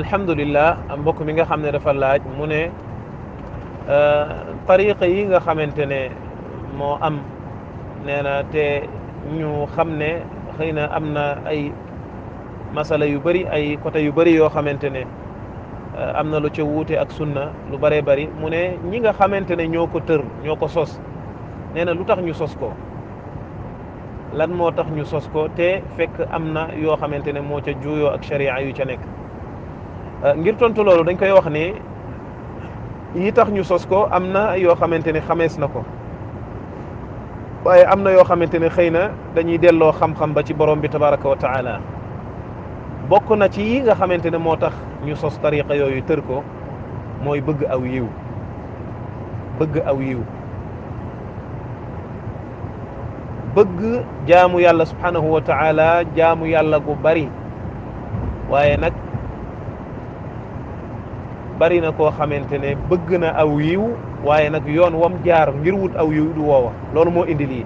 alhamdulillah mbokk mi nga xam ne dafa laaj mu ne euh, tariqa yi nga xamante ne moo am nee na te ñu xam ne xëy na am na ay masala yu bëri ay côté yu bëri yoo xamante ne euh, am na lu ca wuute ak sunna lu bëree bari mu ne ñi nga xamante ne ñoo ko tër ñoo ko sos nee na lu tax ñu sos ko lan moo tax ñu sos ko te fekk am na yoo xamante ne moo ca juuyoo ak sharia yu ca nekk ngir tontu loolu dañ koy wax ni yi tax ñu sos ko am na yoo xamante ni xamees na ko waaye am na yoo xamante ni xëy na dañuy delloo xam-xam ba ci borom bi tabaraka wa taala bokk na ci yi nga xamante ne moo tax ñu sos tariqa yooyu tër ko mooy bëgg aw yiw bëgg aw yiw bëgg jaamu yàlla subhanahu wa taala jaamu yàlla gu bari waaye nag bari na koo xamante ne bëgg na aw yiw waaye nag yoon wam jaar ngir wut aw yiw du woowa loolu moo indi lii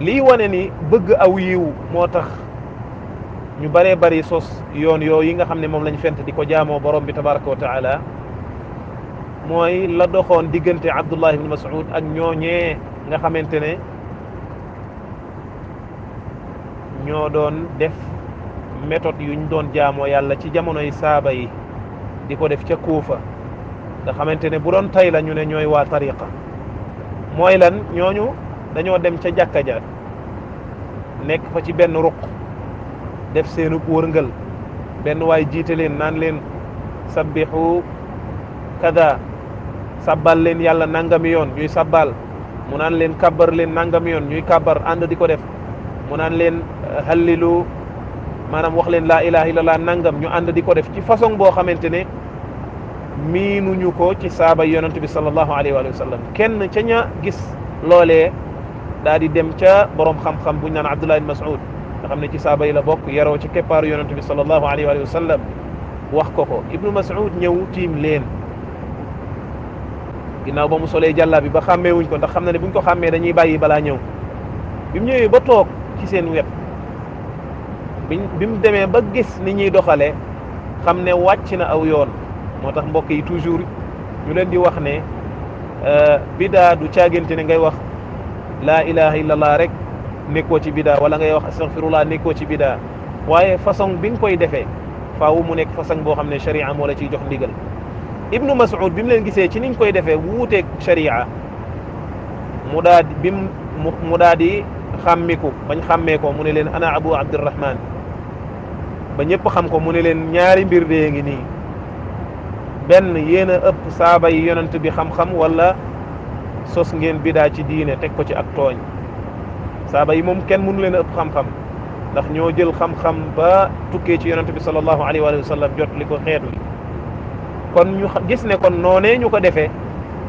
lii wane ni bëgg aw yiw moo tax ñu baree bari sos yoon yooyu yi nga xam ne moom lañu fent di ko jaamoo borom bi tabaraka wa taala mooy la doxoon diggante Abdullah ibn Mas'ud ak ñooñee nga xamante ne ñoo doon def méthode yuñ doon jaamoo yàlla ci jamonoy saaba yi di ko def ci kufa da xamante bu don tay la ñu ne ñoy wa tariqa moy lan ñoñu dañoo dem ca nek ja nek fa ci benn ruq def seenu ngeul benn way len nan len sabbihu kada sabbal len yalla nangam yoon ñuy sabbal mu nan nanggamion, kabbar len nangam yoon ñuy kabbar and di ko def mu nan len halilu manam wax leen la ilaha illallah nangam ñu ànd di ko def ci façon bo xamantene minu ñu ko ci saaba yonent bi sallallahu alayhi wa sallam kenn ci ña gis lolé daa di dem ci borom xam-xam bu ñu naan Abdullah ibn Mas'ud nga xamne ci saaba yi la bok yero ci kepar yonent bi sallallahu alayhi wa sallam wax ko ko ibnu Mas'ud ñëw tim leen ginaaw ba mu solé jalla bi ba xamé wuñ ko ndax xamna na ne buñ ko xamé dañuy bàyyi bala ñëw bi ñewé ba tok ci seen wet bim deme ba gis ni ñi doxale xamne wàcc na aw yoon motax mbokk yi toujours ñu leen di wax ne bida du caagante ne ngay wax la ilaha illallah rek nekkoo ci bida wala ngay wax astaghfirullah nekkoo ci bida waye façon biñ koy defé faawu mu nek façon bo xamne sharia mo la ci jox ndigal ibnu mas'ud bim leen gisee ci niñ koy defé wuté sharia mu daa di bi mu daa di xàmmiku bañ xamé ko mu ne leen ana abu abdurrahman ba ñëpp xam ko mu ne leen ñaari mbir dee ngi nii benn yéen a ëpp saaba yi yonent bi xam-xam wala sos ngeen bidaa ci diine teg ko ci ak tooñ saaba yi moom kenn mënu leen a ëpp xam-xam ndax ñoo jël xam-xam ba tukkee ci yonent bi sallallahu alayhi wa sallam jot li ko xeetu yi kon ñu gis ne kon noonee ñu ko defee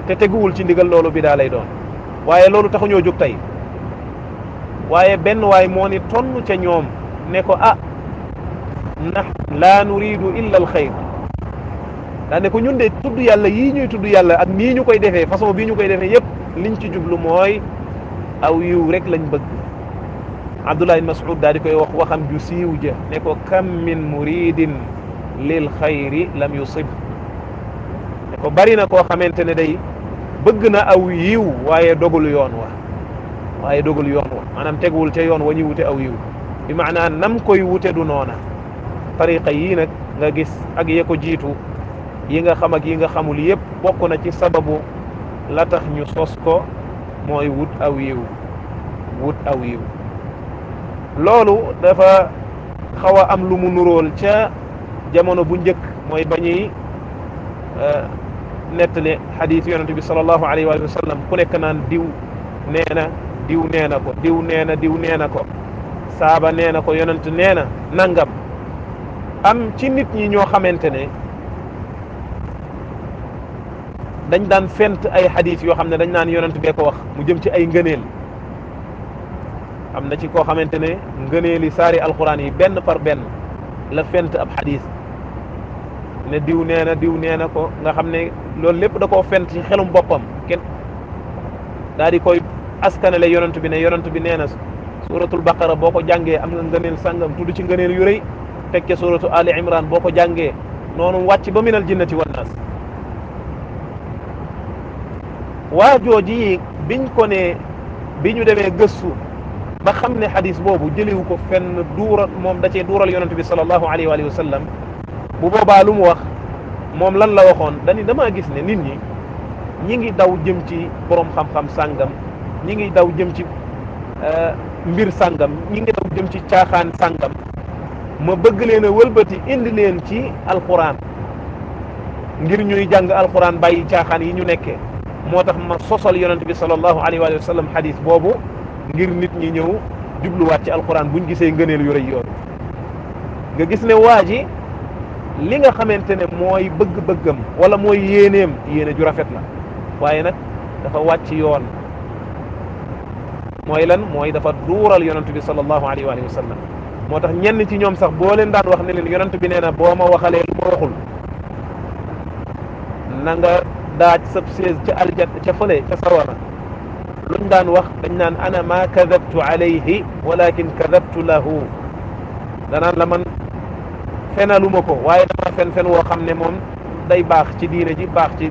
te teguwul ci ndigal loolu bidaa lay doon waaye loolu taxuñoo jóg tey waaye benn waay moo ni tonn ca ñoom ne ko ah ndax laa nuridu illa al xayr ko ñun de tudd yàlla yi ñuy tudd yàlla ak nii ñu koy defee façon bii ñu koy defee yépp liñ ci jublu mooy aw yiw rek lañ bëgg Abdullah ibn Mas'ud daal di koy wax waxam ju siiw ja ne ko kam min muridin lil xayri lam yusib ne ko bari na koo xamante ne day bëgg na aw yiw waaye dogul yoon wa waaye dogul yoon wa maanaam teguwul ca yoon wa ñuy wute aw yiw bi maanaa nam koy wute du noona tariqa yii nag nga gis ak ya jiitu yi nga xam ak yi nga xamul yépp bokk na ci sababu la tax ñu sos ko mooy wut aw yiw wut aw yiw loolu dafa xaw a am lu mu nuróol ca jamono bu njëkk mooy ba ñuy euh, nettali xadiis yonent bi sallallahu alayhi wa sallam ku nekk naan diw nee na diw nee na ko diw nee na diw nee na ko saaba nee na ko yonent nee na nangam am ci nit ñi ñoo xamante ne dañ daan fent ay xadis yoo xam ne dañ naan yonent bee ko wax mu jëm ci ay ngëneel am na ci koo xamante ne ngëneeli saari alxuraan yi benn par benn la fent ab xadis ne diw nee na diw nee na ko nga xam ne loolu lépp da koo fent ci xelum boppam kenn daal di koy askanale yonent bi ne yonent bi nee na suuratul baqara boo ko jàngee am nga ngëneel sàngam tudd ci ngëneel yu rëy fekke suratu ali imran boo ko jàngee noonu wàcc ba minal jinnati wan naas waa jooji biñ ko ne bi ñu demee gëstu ba xam ne xadis boobu jëliwu ko fenn duura moom da cee duural yonent bi sallallahu alayhi wa sallam bu boobaa lu mu wax moom lan la waxoon dani damaa gis ne nit ñi ñi ngi daw jëm ci boroom xam-xam sàngam ñi ngi daw jëm ci euh, mbir sàngam ñi ngi daw jëm ci caaxaan sàngam ma bëgg leen a wëlbati indi leen ci alquran ngir ñuy jàng alquran bàyyi caaxaan yi ñu nekkee moo tax ma sosal yonent bi sallallahu alayhi wa sallam hadis boobu ngir nit ñi ñëw jubluwaat ci alquran buñ gisee ngëneel yu rëy yoon nga gis ne waa ji li nga xamante ne mooy bëgg-bëggam wala mooy yéeneem yéene ju rafet la waaye nag dafa wàcc yoon mooy lan mooy dafa duural yonent bi Salallahu alayhi wa sallam moo tax ñenn ci ñoom sax boo leen daan wax ne leen yonent bi nee na boo ma waxalee lu ma waxul na nga daaj sab sees ca aljat ca fële ca sawara luñ daan wax dañ naan ana ma kadabtu alayhi walakin kadabtu lahu danaan la man fenaluma ko waaye dama fen fen woo xam ne moom day baax ci diine ji baax ci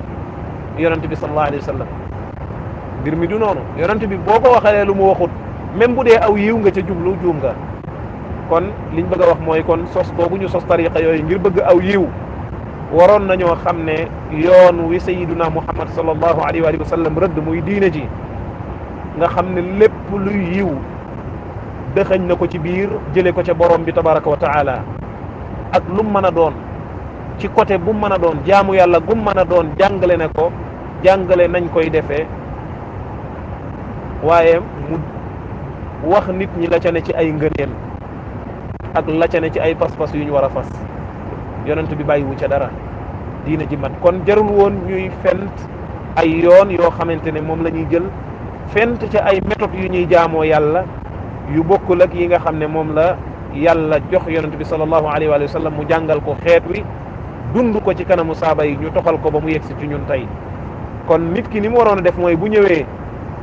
yonent bi sallallahu alayhi wa sallam mbir mi du noonu yonent bi boo ko waxalee lu mu waxut même bu dee aw yiw nga ca jublu juum nga kon liñ bëgg a wax mooy kon sos boobu ñu sos tariqa yooyu ngir bëgg aw yiw waroon nañoo xam ne yoon wi sayiduna muhammad sallallahu alayhi wa sallam rëdd muy diine ji nga xam ne lépp luy yiw dëxañ na ko ci biir jële ko ca borom bi tabaraka wa taala ak lu mën a doon ci côté bu mën a doon jaamu yàlla gum mën a doon jàngale na ko jàngale nañ koy defee waaye mu wax nit ñi la ca ne ci ay ngëneel ak la ne ci ay pas-pas yu ñu war a fas yonent bi bàyyiwu ca dara diina ji mat kon jarul woon ñuy fent ay yoon yoo xamante ne moom la ñuy jël fent ca ay méthodes yu ñuy jaamoo yàlla yu bokkul ak yi nga xam ne moom la yàlla jox yonent bi sallallahu alayhi wa sallam mu jàngal ko xeet wi dund ko ci kanamu saaba yi ñu toxal ko ba mu yegsi ci ñun tey kon nit ki ni mu waroon a def mooy bu ñëwee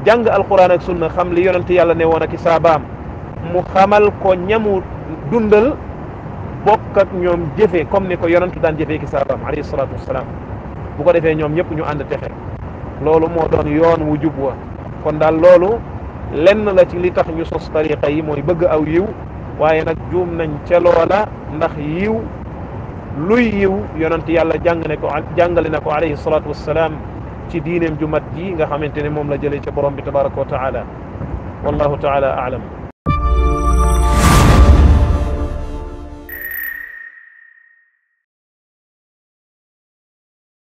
jàng alquran ak sunna xam li yonent yàlla ne woon ak i saabaam mu xamal ko ñamu dundal bokk ak ñoom jëfee comme ni ko yonantu daan jëfee ki saabam alayhi bu ko defee ñoom ñëpp ñu ànd texe loolu moo doon yoon wu jub wa kon daal loolu lenn la ci li tax ñu sos tariqa yi mooy bëgg aw yiw waaye nag juum nañ ca loola ndax yiw luy yiw yonant yàlla jàng ne ko jàngale na ko alayhi salaatu wasalaam ci diineem ju mat ji nga xamante ne moom la jëlee ca borom bi tabaraka wa taala wallahu taala aalam